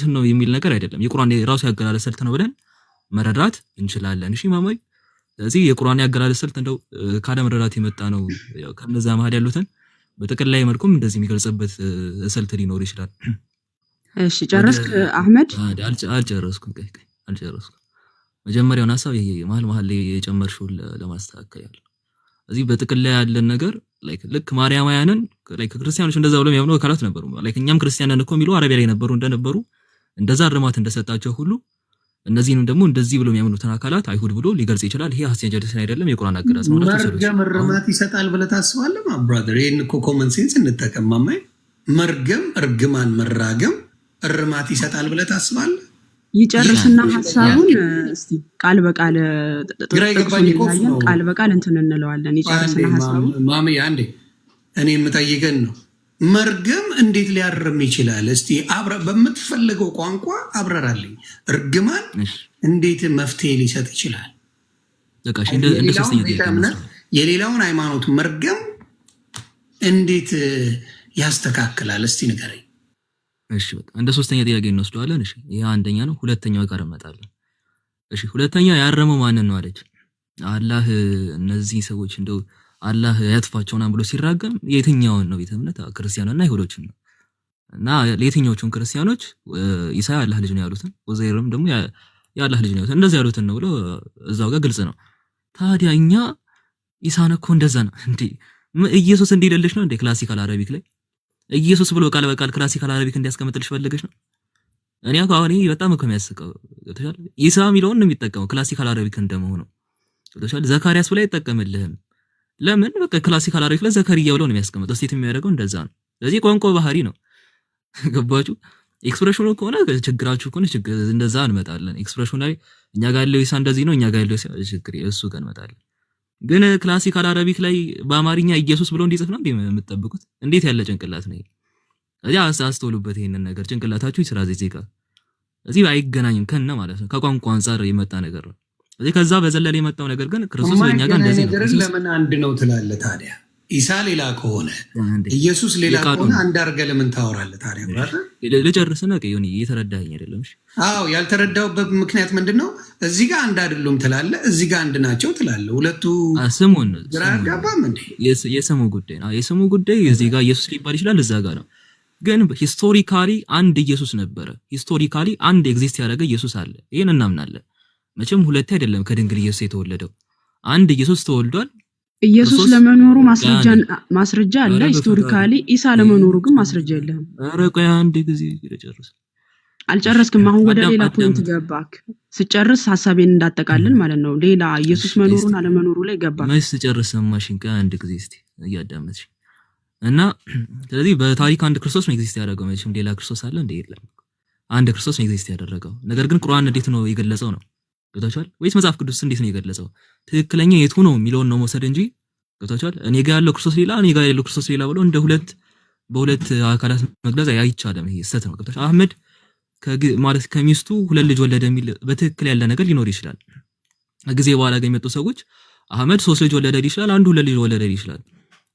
ስም ነው የሚል ነገር አይደለም። የቁርአን የራሱ ያገላለጽ ስልት ነው ብለን መረዳት እንችላለን። እሺ ማማይ፣ ስለዚህ የቁርአን ያገላለጽ ስልት እንደው ካለ መረዳት የመጣ ነው። ከነዛ መሀል ያሉትን በጥቅላይ መልኩም እንደዚህ የሚገልጽበት ስልት ሊኖር ይችላል። እሺ ጨረስክ አህመድ? አልጨረስኩም፣ አልጨረስኩም። መጀመሪያውን ሀሳብ ይሄ መሀል መሀል ላይ የጨመርሽው ለማስተካከል ያለ እዚህ በጥቅላይ ያለን ነገር ላይክ ልክ ማርያማውያንን ላይክ ክርስቲያኖች እንደዛ ብለው የሚያምኑ አካላት ነበሩ። ላይክ እኛም ክርስቲያንን እኮ የሚሉ አረቢያ ላይ ነበሩ እንደነበሩ እንደዛ እርማት እንደሰጣቸው ሁሉ እነዚህንም ደግሞ እንደዚህ ብሎ የሚያምኑትን አካላት አይሁድ ብሎ ሊገልጽ ይችላል። ይሄ ሐሰተኝነትን አይደለም፣ የቁርአን አገላለጽ ነው። መርገም እርማት ይሰጣል ብለህ ታስባለህ? ብራዘር ይህን እኮ ኮመን ሴንስ እንጠቀማማይ መርገም፣ እርግማን፣ መራገም እርማት ይሰጣል ብለህ ታስባለህ? ይጨርስና ሀሳቡን እስቲ ቃል በቃል ቃል በቃል እንትን እንለዋለን። ይጨርስና ሀሳቡን ማሜ አንዴ እኔ የምጠይቀን ነው መርገም እንዴት ሊያርም ይችላል? እስቲ በምትፈለገው ቋንቋ አብረራልኝ እርግማን እንዴት መፍትሄ ሊሰጥ ይችላል? የሌላውን ሃይማኖት መርገም እንዴት ያስተካክላል? እስቲ ንገረኝ። እሺ በቃ እንደ ሶስተኛ ጥያቄ እንወስደዋለን። እሺ ይህ አንደኛ ነው። ሁለተኛው ጋር እመጣለን። እሺ ሁለተኛ ያረመው ማንን ነው አለች። አላህ እነዚህ ሰዎች እንደው አላህ ያጥፋቸው ያጥፋቸውና ብሎ ሲራገም የትኛውን ነው ቤተ እምነት ክርስቲያኑ እና አይሁዶችን ነው። እና ለየትኛዎቹን ክርስቲያኖች ኢሳ የአላህ ልጅ ነው ያሉትን፣ ወዘይርም ደግሞ የአላህ ልጅ ነው ያሉትን እንደዚህ ያሉትን ነው ብሎ እዛው ጋር ግልጽ ነው። ታዲያ እኛ ኢሳን እኮ እንደዛ ነው እንዴ ኢየሱስ እንዲልልሽ ነው እንዴ? ክላሲካል አረቢክ ላይ ኢየሱስ ብሎ ቃል በቃል ክላሲካል አረቢክ እንዲያስቀምጥልሽ ፈልገሽ ነው? እኔ አሁን አሁን በጣም እኮ የሚያስቀው ኢሳ የሚለውን ነው የሚጠቀመው ክላሲካል አረቢክ እንደመሆኑ ነው። ዘካርያስ ብላ አይጠቀምልህም ለምን በቃ ክላሲካል አሪፍ ላይ ዘከርያ ብለው ነው የሚያስቀምጠው። ስቴት የሚያደርገው እንደዛ ነው። ስለዚህ ቋንቋ ባህሪ ነው። ገባችሁ? ኤክስፕሬሽኑ ከሆነ ችግራችሁ ከሆነ ችግር እንደዛ እንመጣለን። ኤክስፕሬሽኑ ላይ እኛ ጋር ያለው ይሳ እንደዚህ ነው፣ እኛ ጋር ያለው ችግር እሱ ጋር እንመጣለን። ግን ክላሲካል አረቢክ ላይ በአማርኛ ኢየሱስ ብሎ እንዲጽፍ ነው የምትጠብቁት? እንዴት ያለ ጭንቅላት ነው ይሄ? እዚህ አስተውሉበት ይሄንን ነገር ጭንቅላታችሁ ይስራ። ዜጋ እዚህ አይገናኝም ከነ ማለት ነው። ከቋንቋ አንጻር የመጣ ነገር ነው። ስለዚህ ከዛ በዘለለ የመጣው ነገር ግን ክርስቶስ ለኛ ጋር እንደዚህ ነው። ለምን አንድ ነው ትላለህ ታዲያ? ኢሳ ሌላ ከሆነ ኢየሱስ ሌላ ከሆነ አንድ አድርገህ ለምን ታወራለህ ታዲያ? ልጨርስና ሆን እየተረዳኸኝ አይደለም። አዎ ያልተረዳሁበት ምክንያት ምንድን ነው? እዚህ ጋር አንድ አይደሉም ትላለህ፣ እዚህ ጋር አንድ ናቸው ትላለህ። ሁለቱ ስሙን ግራ አጋባም እንዴ? የስሙ ጉዳይ ነው። የስሙ ጉዳይ እዚህ ጋር ኢየሱስ ሊባል ይችላል፣ እዛ ጋር ነው ግን ሂስቶሪካሊ አንድ ኢየሱስ ነበረ። ሂስቶሪካሊ አንድ ኤግዚስት ያደረገ ኢየሱስ አለ። ይህን እናምናለን። መቼም ሁለት አይደለም ከድንግል ኢየሱስ የተወለደው አንድ ኢየሱስ ተወልዷል። ኢየሱስ ለመኖሩ ማስረጃ አለ ሂስቶሪካሊ። ኢሳ ለመኖሩ ግን ማስረጃ የለም። ኧረ ቆይ አንድ ጊዜ ጨርስ። አልጨረስክም። አሁን ወደ ሌላ ፖይንት ገባክ። ስጨርስ ሀሳቤን እንዳጠቃልል ማለት ነው። ሌላ ኢየሱስ መኖሩን አለመኖሩ ላይ ገባክ። መች ስጨርስ ሰማሽን? ቆይ አንድ ጊዜ እስቲ እያዳመጥሽ እና ስለዚህ በታሪክ አንድ ክርስቶስ ነው ኤግዚስት ያደረገው። መቼም ሌላ ክርስቶስ አለ እንደ የለም። አንድ ክርስቶስ ነው ኤግዚስት ያደረገው። ነገር ግን ቁርአን እንዴት ነው የገለጸው ነው ገብታችኋል ወይስ መጽሐፍ ቅዱስ እንዴት ነው የገለጸው? ትክክለኛ የቱ ነው የሚለውን ነው መውሰድ እንጂ ገብታችኋል። እኔ ጋር ያለው ክርስቶስ ሌላ፣ እኔ ጋር ያለው ክርስቶስ ሌላ ብሎ እንደ ሁለት በሁለት አካላት መግለጽ አይቻልም። ይሄ ስህተት ነው። ገብታችኋል። አህመድ ማለት ከሚስቱ ሁለት ልጅ ወለደ የሚል በትክክል ያለ ነገር ሊኖር ይችላል። ጊዜ በኋላ ግን የመጡ ሰዎች አህመድ ሶስት ልጅ ወለደ ይችላል፣ አንዱ ሁለት ልጅ ወለደ ይችላል።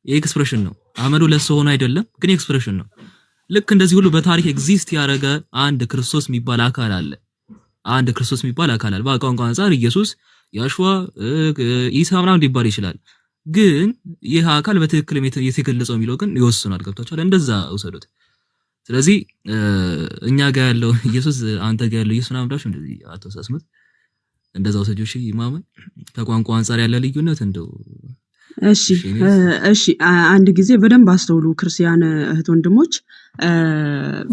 የኤክስፕሬሽን ነው። አህመድ ሁለት ሰው ሆኖ አይደለም፣ ግን ኤክስፕሬሽን ነው። ልክ እንደዚህ ሁሉ በታሪክ ኤግዚስት ያደረገ አንድ ክርስቶስ የሚባል አካል አለ። አንድ ክርስቶስ የሚባል አካል አለ። በቋንቋ አንጻር ኢየሱስ፣ ያሹዋ፣ ኢሳ ምናምን ሊባል ይችላል። ግን ይህ አካል በትክክል የተገለጸው የሚለው ግን ይወስናል። ገብቷችኋል? እንደዛ ውሰዱት። ስለዚህ እኛ ጋር ያለው ኢየሱስ አንተ ጋር ያለው ኢየሱስ ምናምን ብላችሁ እንደዚህ አትወሳስሙት። እንደዛ ውሰጁ። እሺ ማመን ከቋንቋ አንጻር ያለ ልዩነት እንደው እሺ እሺ፣ አንድ ጊዜ በደንብ አስተውሉ ክርስቲያን እህት ወንድሞች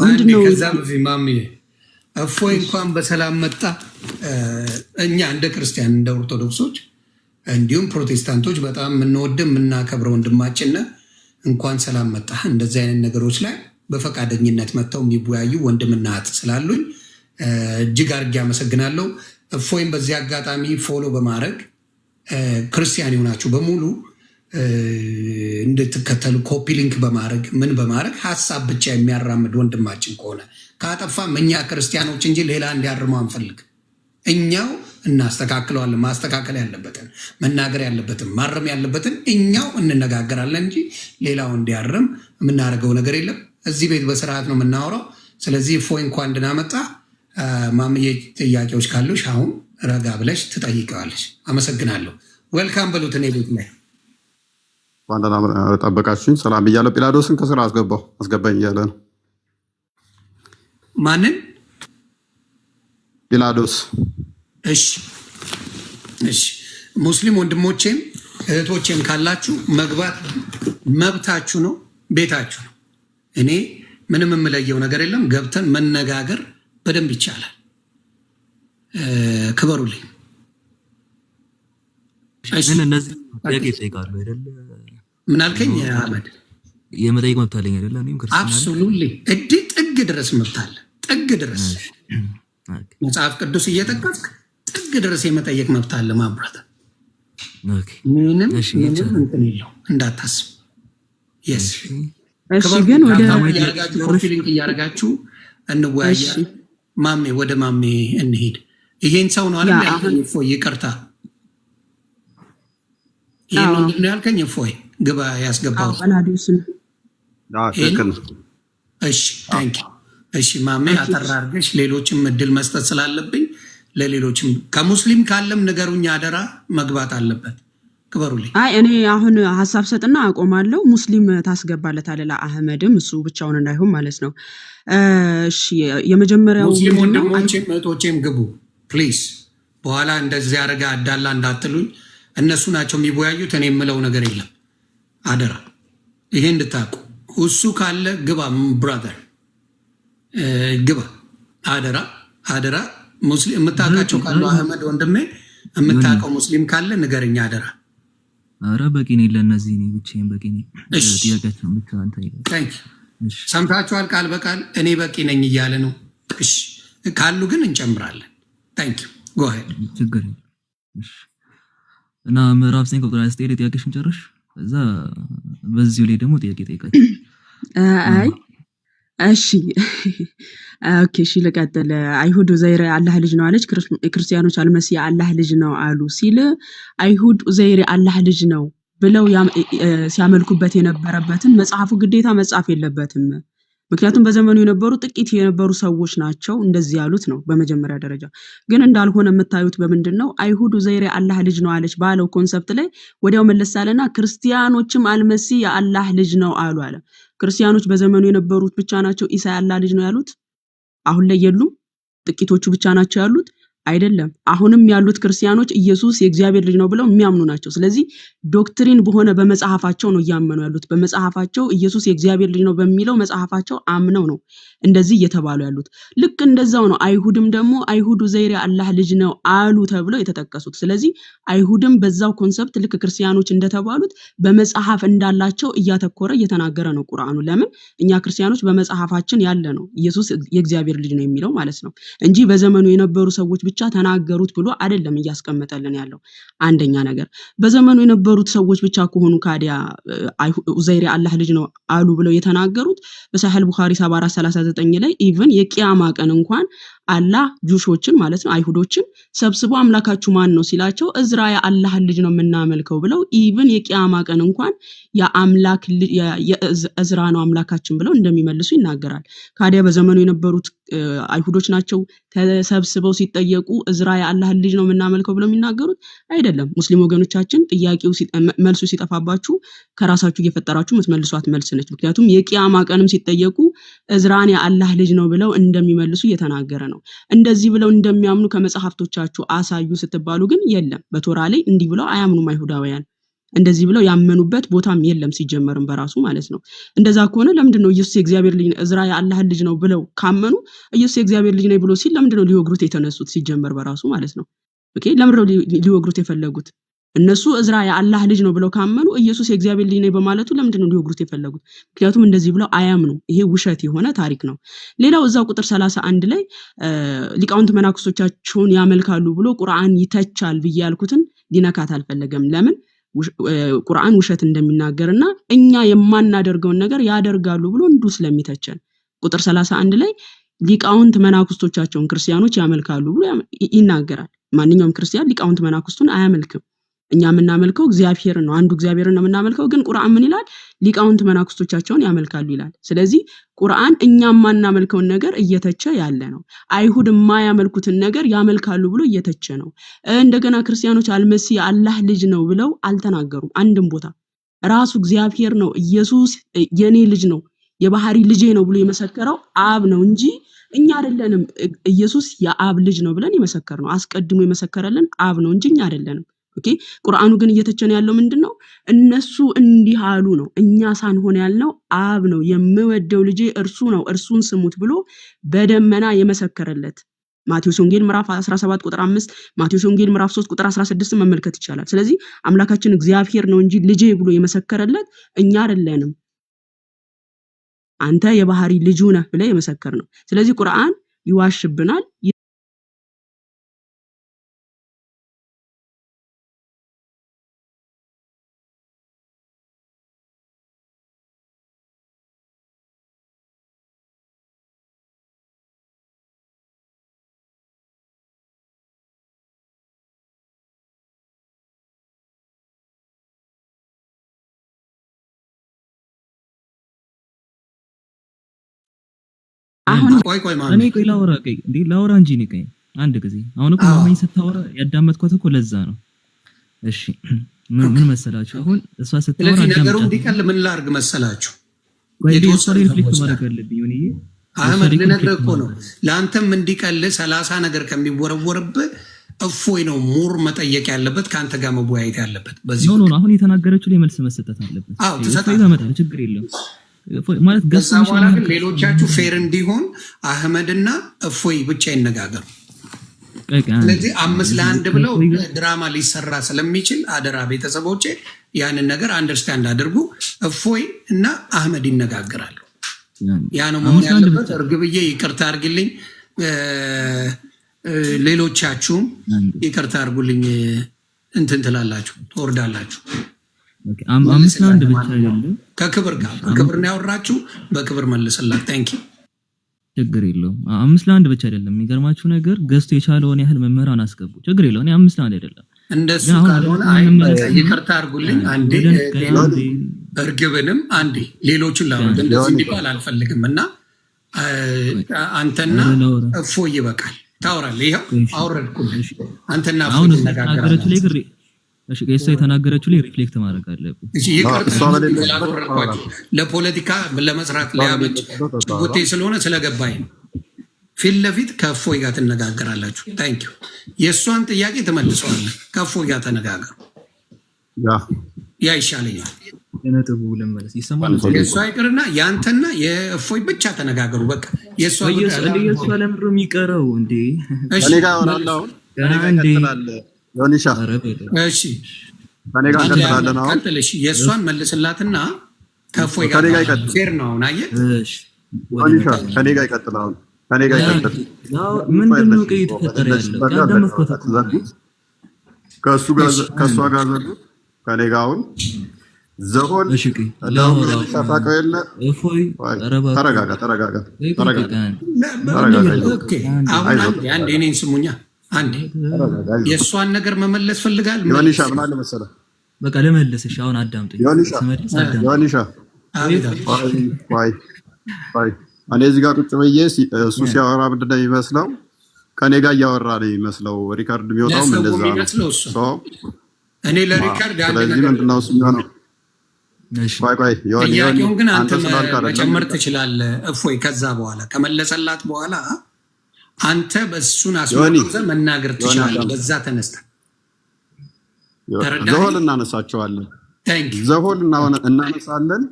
ምንድነው እፎይ እንኳን በሰላም መጣ። እኛ እንደ ክርስቲያን እንደ ኦርቶዶክሶች እንዲሁም ፕሮቴስታንቶች በጣም የምንወድ የምናከብረ ወንድማችን እንኳን ሰላም መጣ። እንደዚህ አይነት ነገሮች ላይ በፈቃደኝነት መጥተው የሚወያዩ ወንድምና እህት ስላሉኝ እጅግ አድርጌ አመሰግናለሁ። እፎይም በዚህ አጋጣሚ ፎሎ በማድረግ ክርስቲያን የሆናችሁ በሙሉ እንድትከተሉ ኮፒ ሊንክ በማድረግ ምን በማድረግ ሀሳብ ብቻ የሚያራምድ ወንድማችን ከሆነ ካጠፋም እኛ ክርስቲያኖች እንጂ ሌላ እንዲያርመው አንፈልግ። እኛው እናስተካክለዋለን። ማስተካከል ያለበትን መናገር ያለበትን ማረም ያለበትን እኛው እንነጋገራለን እንጂ ሌላው እንዲያርም የምናደርገው ነገር የለም። እዚህ ቤት በስርዓት ነው የምናወራው። ስለዚህ ፎይ እንኳ እንድናመጣ ማምዬ ጥያቄዎች ካሉሽ አሁን ረጋ ብለሽ ትጠይቀዋለች። አመሰግናለሁ። ወልካም በሉት። እኔ ቤት ላይ ጠበቃችሁኝ። ሰላም እያለ ጲላዶስን ከስራ አስገባው አስገባኝ እያለ ነው ማንን ጲላዶስ። እሺ እሺ። ሙስሊም ወንድሞቼም እህቶቼም ካላችሁ መግባት መብታችሁ ነው፣ ቤታችሁ ነው። እኔ ምንም የምለየው ነገር የለም። ገብተን መነጋገር በደንብ ይቻላል። ክበሩልኝ። ምን አልከኝ? አመድ የመጠየቅ መብት አለኝ አይደለ? እኔም ክርስቲያን አብሶሉትሊ እድይ ጥግ ድረስ መብት አለ። ጥግ ድረስ መጽሐፍ ቅዱስ እየጠቀስክ ጥግ ድረስ የመጠየቅ መብት አለ። ማብራት ምንም ምንም እንትን የለው እንዳታስብ። ግን ፊሊንግ እያደረጋችሁ እንወያያ። ማሜ ወደ ማሜ እንሄድ። ይሄን ሰው ነው አለ እፎይ፣ ይቅርታ ይህን ያልከኝ። እፎይ ግባ ያስገባው። እሺ ታንኪ እሺ ማሜ አጠራርገሽ ሌሎችም እድል መስጠት ስላለብኝ ለሌሎችም ከሙስሊም ካለም ንገሩኝ። አደራ መግባት አለበት። ክበሩልኝ። አይ እኔ አሁን ሀሳብ ሰጥና አቆማለሁ። ሙስሊም ታስገባለት አለላ አህመድም እሱ ብቻውን እንዳይሆን ማለት ነው። እሺ የመጀመሪያው ሙስሊም ወንድሞቼም እህቶቼም ግቡ ፕሊዝ። በኋላ እንደዚህ አደረገ አዳላ እንዳትሉኝ። እነሱ ናቸው የሚወያዩት። እኔ የምለው ነገር የለም። አደራ ይሄ እንድታቁ እሱ ካለ ግባ ብራዘር ግባ አደራ አደራ። ሙስሊም የምታውቃቸው ካሉ አህመድ ወንድሜ የምታውቀው ሙስሊም ካለ ንገረኝ አደራ። አረ በቂ ነኝ ለእነዚህ እኔ ብቻዬን በቂ ነኝ። ሰምታችኋል። ቃል በቃል እኔ በቂ ነኝ እያለ ነው። እሺ ካሉ ግን እንጨምራለን። ታንክ ዩ ጎሄድ ችግር እና ምዕራፍ ዘጠኝ ቁጥር ስጤ ጥያቄሽን ጨረሽ። እዛ በዚሁ ላይ ደግሞ ጥያቄ ጠይቃል። አይ እሺ ኦኬ እሺ ልቀጥል። አይሁድ ዑዘይር አላህ ልጅ ነው አለች። ክርስቲያኖች አልመሲ የአላህ ልጅ ነው አሉ ሲል አይሁድ ዑዘይር አላህ ልጅ ነው ብለው ሲያመልኩበት የነበረበትን መጽሐፉ ግዴታ መጽሐፍ የለበትም። ምክንያቱም በዘመኑ የነበሩ ጥቂት የነበሩ ሰዎች ናቸው እንደዚህ ያሉት ነው። በመጀመሪያ ደረጃ ግን እንዳልሆነ የምታዩት በምንድን ነው? አይሁድ ዑዘይር አላህ ልጅ ነው አለች ባለው ኮንሰፕት ላይ ወዲያው መለስ አለና ክርስቲያኖችም አልመሲ የአላህ ልጅ ነው አሉ አለ። ክርስቲያኖች በዘመኑ የነበሩት ብቻ ናቸው ኢሳ ያላ ልጅ ነው ያሉት? አሁን ላይ የሉም? ጥቂቶቹ ብቻ ናቸው ያሉት? አይደለም። አሁንም ያሉት ክርስቲያኖች ኢየሱስ የእግዚአብሔር ልጅ ነው ብለው የሚያምኑ ናቸው። ስለዚህ ዶክትሪን በሆነ በመጽሐፋቸው ነው እያመኑ ያሉት። በመጽሐፋቸው ኢየሱስ የእግዚአብሔር ልጅ ነው በሚለው መጽሐፋቸው አምነው ነው እንደዚህ እየተባሉ ያሉት። ልክ እንደዛው ነው። አይሁድም ደግሞ አይሁዱ ዘይር አላህ ልጅ ነው አሉ ተብለው የተጠቀሱት። ስለዚህ አይሁድም በዛው ኮንሰፕት ልክ ክርስቲያኖች እንደተባሉት በመጽሐፍ እንዳላቸው እያተኮረ እየተናገረ ነው ቁርአኑ። ለምን እኛ ክርስቲያኖች በመጽሐፋችን ያለ ነው ኢየሱስ የእግዚአብሔር ልጅ ነው የሚለው ማለት ነው እንጂ በዘመኑ የነበሩ ሰዎች ብቻ ተናገሩት ብሎ አይደለም እያስቀመጠልን ያለው። አንደኛ ነገር በዘመኑ የነበሩት ሰዎች ብቻ ከሆኑ ካዲያ ኡዘይር አላህ ልጅ ነው አሉ ብለው የተናገሩት በሳህል ቡኻሪ 7439 ላይ ኢቨን የቂያማ ቀን እንኳን አላህ ጁሾችን ማለት ነው አይሁዶችን ሰብስቦ አምላካችሁ ማን ነው ሲላቸው እዝራ የአላህን ልጅ ነው የምናመልከው ብለው ኢብን የቅያማ ቀን እንኳን የአምላክ እዝራ ነው አምላካችን ብለው እንደሚመልሱ ይናገራል። ካዲያ በዘመኑ የነበሩት አይሁዶች ናቸው ተሰብስበው ሲጠየቁ እዝራ የአላህን ልጅ ነው የምናመልከው ብለው የሚናገሩት አይደለም። ሙስሊም ወገኖቻችን ጥያቄው መልሱ ሲጠፋባችሁ ከራሳችሁ እየፈጠራችሁ የምትመልሷት መልስ ነች። ምክንያቱም የቅያማ ቀንም ሲጠየቁ እዝራን የአላህ ልጅ ነው ብለው እንደሚመልሱ እየተናገረ ነው። ነው። እንደዚህ ብለው እንደሚያምኑ ከመጽሐፍቶቻችሁ አሳዩ ስትባሉ ግን የለም በቶራ ላይ እንዲህ ብለው አያምኑም አይሁዳውያን እንደዚህ ብለው ያመኑበት ቦታም የለም ሲጀመርም በራሱ ማለት ነው። እንደዛ ከሆነ ለምንድን ነው ኢየሱስ የእግዚአብሔር ልጅ እዝራ የአላህን ልጅ ነው ብለው ካመኑ ኢየሱስ የእግዚአብሔር ልጅ ነው ብሎ ሲል ለምንድን ነው ሊወግሩት የተነሱት ሲጀመር በራሱ ማለት ነው። ለምንድን ነው ሊወግሩት የፈለጉት? እነሱ እዝራ የአላህ ልጅ ነው ብለው ካመኑ ኢየሱስ የእግዚአብሔር ልጅ ነው በማለቱ ለምንድን ነው ሊወግሩት የፈለጉት? ምክንያቱም እንደዚህ ብለው አያምኑ። ይሄ ውሸት የሆነ ታሪክ ነው። ሌላው እዛው ቁጥር ሰላሳ አንድ ላይ ሊቃውንት መናክሶቻቸውን ያመልካሉ ብሎ ቁርአን ይተቻል ብዬ ያልኩትን ሊነካት አልፈለገም። ለምን? ቁርአን ውሸት እንደሚናገር እና እኛ የማናደርገውን ነገር ያደርጋሉ ብሎ እንዱ ስለሚተቸን ቁጥር ሰላሳ አንድ ላይ ሊቃውንት መናክስቶቻቸውን ክርስቲያኖች ያመልካሉ ብሎ ይናገራል። ማንኛውም ክርስቲያን ሊቃውንት መናክስቱን አያመልክም። እኛ የምናመልከው እግዚአብሔር ነው። አንዱ እግዚአብሔር ነው የምናመልከው። ግን ቁርአን ምን ይላል? ሊቃውንት መናክስቶቻቸውን ያመልካሉ ይላል። ስለዚህ ቁርአን እኛ የማናመልከውን ነገር እየተቸ ያለ ነው። አይሁድ የማያመልኩትን ነገር ያመልካሉ ብሎ እየተቸ ነው። እንደገና ክርስቲያኖች አልመሲ አላህ ልጅ ነው ብለው አልተናገሩም። አንድም ቦታ ራሱ እግዚአብሔር ነው ኢየሱስ የኔ ልጅ ነው የባህሪ ልጄ ነው ብሎ የመሰከረው አብ ነው እንጂ እኛ አይደለንም። ኢየሱስ የአብ ልጅ ነው ብለን የመሰከር ነው። አስቀድሞ የመሰከረልን አብ ነው እንጂ እኛ አይደለንም። ኦኬ ቁርአኑ ግን እየተቸን ያለው ምንድን ነው? እነሱ እንዲህ አሉ ነው፣ እኛ ሳንሆን ያልነው አብ ነው። የምወደው ልጄ እርሱ ነው፣ እርሱን ስሙት ብሎ በደመና የመሰከረለት ማቴዎስ ወንጌል ምዕራፍ 17 ቁጥር 5፣ ማቴዎስ ወንጌል ምዕራፍ 3 ቁጥር 16 መመልከት ይቻላል። ስለዚህ አምላካችን እግዚአብሔር ነው እንጂ ልጄ ብሎ የመሰከረለት እኛ አይደለንም። አንተ የባህሪ ልጁ ነህ ብለህ የመሰከር ነው። ስለዚህ ቁርአን ይዋሽብናል። አሁን ቆይ ቆይ ማለት እኔ ቆይ ላውራ ቆይ እንዴ ላውራ እንጂ ነው ቆይ አንድ ጊዜ አሁን እኮ ማማኝ ስታወራ ያዳመጥኳት እኮ ለዛ ነው። እሺ ምን ምን መሰላችሁ አሁን እሷ ስታወራ ስለዚህ ነገሩ እንዲቀል ምን ላርግ መሰላችሁ የተወሰነ ሪፍሌክት ማድረግ አለብኝ እኔ አህመድ ልነግርህ እኮ ነው ለአንተም እንዲቀል ሰላሳ ነገር ከሚወረወርብህ እፎይ ነው ሙር መጠየቅ ያለበት ከአንተ ጋር መወያየት ያለበት በዚህ አሁን የተናገረችው ላይ መልስ መሰጠት አለበት። ትሰጣለህ፣ ችግር የለም ማለት ከዛ በኋላ ግን ሌሎቻችሁ ፌር እንዲሆን አህመድና እፎይ ብቻ ይነጋገሩ። ስለዚህ አምስት ለአንድ ብለው ድራማ ሊሰራ ስለሚችል አደራ ቤተሰቦቼ ያንን ነገር አንደርስታንድ አድርጉ። እፎይ እና አህመድ ይነጋግራሉ። ያ ነው መሆን ያለበት። እርግብዬ ይቅርታ አድርግልኝ፣ ሌሎቻችሁም ይቅርታ አድርጉልኝ። እንትን ትላላችሁ፣ ትወርዳላችሁ። አምስት ለአንድ ብቻ አይደለም። ከክብር ጋር ነው ያወራችሁ፣ በክብር መልስላት። ታንኪ ችግር የለውም። አምስት ለአንድ ብቻ አይደለም። የሚገርማችሁ ነገር ገዝቶ የቻለውን ያህል መምህራን አስገቡ። ችግር የለው። እኔ አምስት ለአንድ አይደለም። እንደሱ ካልሆነ ይቅርታ አድርጉልኝ። አንዴ እርግብንም አንዴ ሌሎቹን እንደዚህ እንዲባል አልፈልግም እና አንተና እፎ ይበቃል። ታወራለህ። ይኸው አውረድኩልህ። አንተና እፎ ይነጋገራል እሺ እሷ የተናገረችው ላይ ሪፍሌክት ማድረግ አለብን። እሺ ለፖለቲካ ለመስራት ሊያመች ጉቴ ስለሆነ ስለገባኝ ነው። ፊት ለፊት ከእፎይ ጋር ትነጋገራላችሁ። ታንኪዩ። ዩ። የእሷን ጥያቄ ትመልሰዋለህ። ከእፎይ ጋር ተነጋገሩ። ያ ይሻለኛል። የእሷ ይቅርና የአንተና የእፎይ ብቻ ተነጋገሩ። በቃ የእሷ ለምድሮ የሚቀረው እንዴ? እሺ ዮኒሻ እሺ፣ ከኔ ጋር እንቀጥላለን። አሁን የእሷን መልስላትና ከእፎይ ጋር ፌር ነው። ዮኒሻ ከኔ ጋር ይቀጥል። አሁን ከኔ ጋር ይቀጥል። ምንድን ነው ቆይ የተፈጠረ ያለው? ከእሱ ጋር ከእሷ ጋር ዘጉት። ከኔ ጋር አሁን ዘሆን ተረጋጋ፣ ተረጋጋ፣ ተረጋጋ። አሁን አንዴ እኔን ስሙኛ አንዴ የእሷን ነገር መመለስ ፈልጋል። ዮኒሻ ምን አለ መሰለህ፣ በቃ ልመልስሽ። አሁን አዳምጡኝ። ዮኒሻ እኔ እዚህ ጋር ቁጭ ብዬ እሱ ሲያወራ ምንድን ነው የሚመስለው? ከእኔ ጋር እያወራ ነው የሚመስለው። ሪካርድ የሚወጣውም እንደዛ ነው። እኔ ለሪካርድ ስለዚህ ምንድን እሱ የሚሆነው? ጥያቄውን ግን አንተ መጨመር ትችላለህ። እፎይ ከዛ በኋላ ከመለሰላት በኋላ አንተ በእሱን አስመዘ መናገር ትችላለ። በዛ ተነስተ ዘሆል እናነሳቸዋለን። ዘሆል እናነሳለን።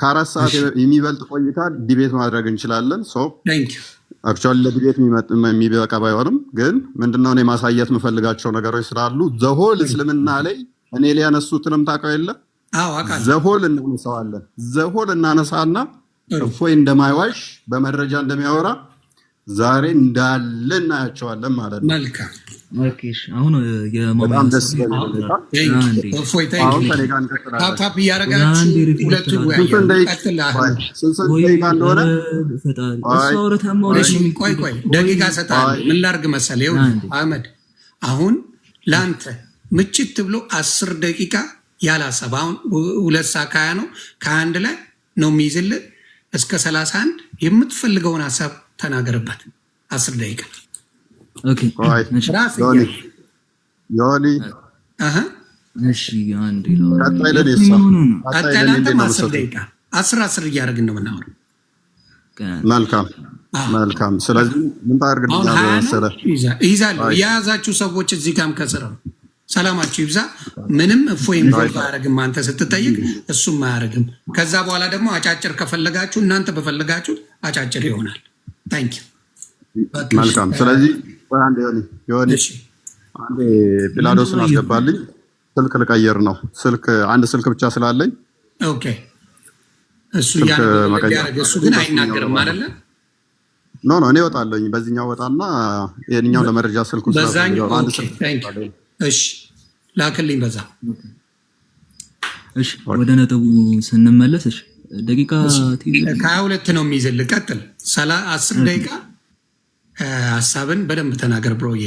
ከአራት ሰዓት የሚበልጥ ቆይታ ዲቤት ማድረግ እንችላለን። አክቹዋሊ ለዲቤት የሚበቃ ባይሆንም ግን ምንድነው እኔ ማሳየት የምፈልጋቸው ነገሮች ስላሉ ዘሆል እስልምና ላይ እኔ ሊያነሱትንም ያነሱትንም ታውቀው የለ ዘሆል እናነሳዋለን። ዘሆል እናነሳና እፎይ እንደማይዋሽ በመረጃ እንደሚያወራ ዛሬ እንዳለ እናያቸዋለን ማለት ነው። መልካም አሁን ደቂቃ ሰጣለሁ። ምን ላድርግ መሰለህ? ይኸውልህ አህመድ፣ አሁን ለአንተ ምችት ብሎ አስር ደቂቃ ያላሰብ አሁን ሁለት ሰዓት ከሀያ ነው ከአንድ ላይ ነው የሚይዝልህ እስከ ሰላሳ አንድ የምትፈልገውን ሀሳብ ተናገርበት። አስር ደቂቃ አስር ደቂቃ አስር አስር እያደረግን ነው የምናወራው። መልካም መልካም። ስለዚህ ምን ታደርግ ይዛለሁ። የያዛችሁ ሰዎች እዚህ ጋም ከስረ ሰላማችሁ ይብዛ። ምንም እፎ አያደርግም። አንተ ስትጠይቅ እሱም አያደርግም። ከዛ በኋላ ደግሞ አጫጭር ከፈለጋችሁ እናንተ በፈለጋችሁ አጫጭር ይሆናል። መልካም። ስለዚህ ፒላዶስን አስገባልኝ። ስልክ ልቀይር ነው። ስልክ አንድ ስልክ ብቻ ስላለኝ እሱ ግን አይናገርም አይደለ? ኖ ኖ እኔ እወጣለኝ። በዚህኛው ወጣና የኛው ለመረጃ ስልኩ ላክልኝ። በዛ ወደ ነጥቡ ስንመለስ ደቂቃ ከሀያ ሁለት ነው የሚይዝልህ። ቀጥል አስር ደቂቃ ሀሳብን በደንብ ተናገር ብሮዬ።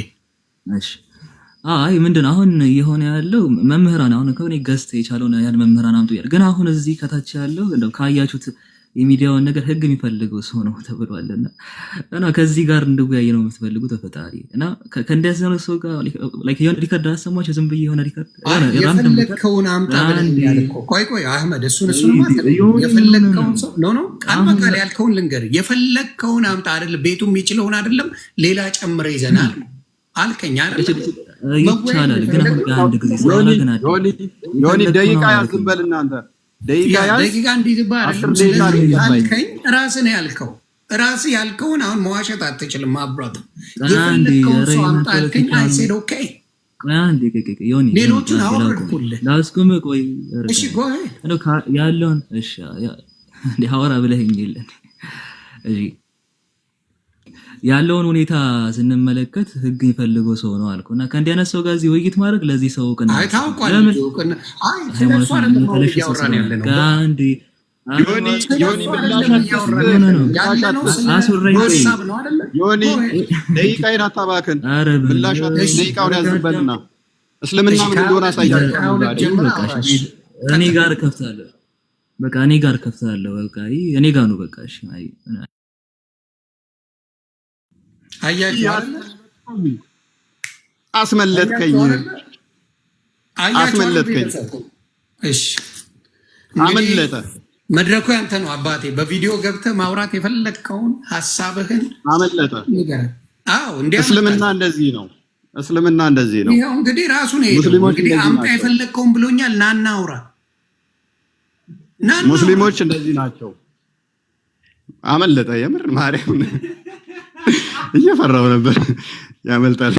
አይ ምንድን አሁን የሆነ ያለው መምህራን አሁን ከሆነ ገዝተህ የቻለውን ያህል መምህራን አምጡ ያል ግን አሁን እዚህ ከታች ያለው ካያችሁት የሚዲያውን ነገር ህግ የሚፈልገው ሰው ነው ተብሏል። እና እና ከዚህ ጋር እንድወያይ ነው የምትፈልጉ ተፈጣሪ እና ከእንደዚህ ነው ሰው ጋር የሆነ ሪከርድ አሰማቸው። ዝም ብዬ የሆነ ሪከርድ የፈለግከውን አምጣ ብለን ያልከው ቆይ ቆይ አህመድ እሱን እሱን የፈለግከውን ሰው ነው ነው ቃል በቃል ያልከውን ልንገር። የፈለግከውን አምጣ አይደለም ቤቱ የሚችለውን አይደለም ሌላ ጨምረ ይዘናል አልከኝ አይደለም ይቻላል ግን አሁን አንድ ጊዜ ስለሆነ ግን ዮኒ ደቂቃ ያዝንበል እናንተ ደቂቃ እንዲዝባ ያልከው። ያልከውን አሁን መዋሸት አትችልም። ማብራት ሌሎቹን ያለውን አወራ ብለኸኝ የለን ያለውን ሁኔታ ስንመለከት ህግ የሚፈልገው ሰው ነው አልኩ እና ከእንዲህ አይነት ሰው ጋር እዚህ ውይይት ማድረግ ለዚህ ሰው እውቅና እኔ ጋር ከፍታለሁ። በቃ እኔ ጋር ከፍታለሁ። በቃ እኔ ጋር ነው። በቃ እሺ አስመለጥከኝ አስመለጥከኝ። እሺ አመለጠ። መድረኩ ያንተ ነው አባቴ። በቪዲዮ ገብተህ ማውራት የፈለግከውን ሀሳብህን አመለጠ። አዎ እስልምና እንደዚህ ነው። እስልምና እንደዚህ ነው። ይኸው እንግዲህ ራሱ ነው እንግዲህ አምጣ የፈለግከውን ብሎኛል። ና አውራ። ሙስሊሞች እንደዚህ ናቸው። አመለጠ የምር ማርያም እየፈራው ነበር። ያመልጣል።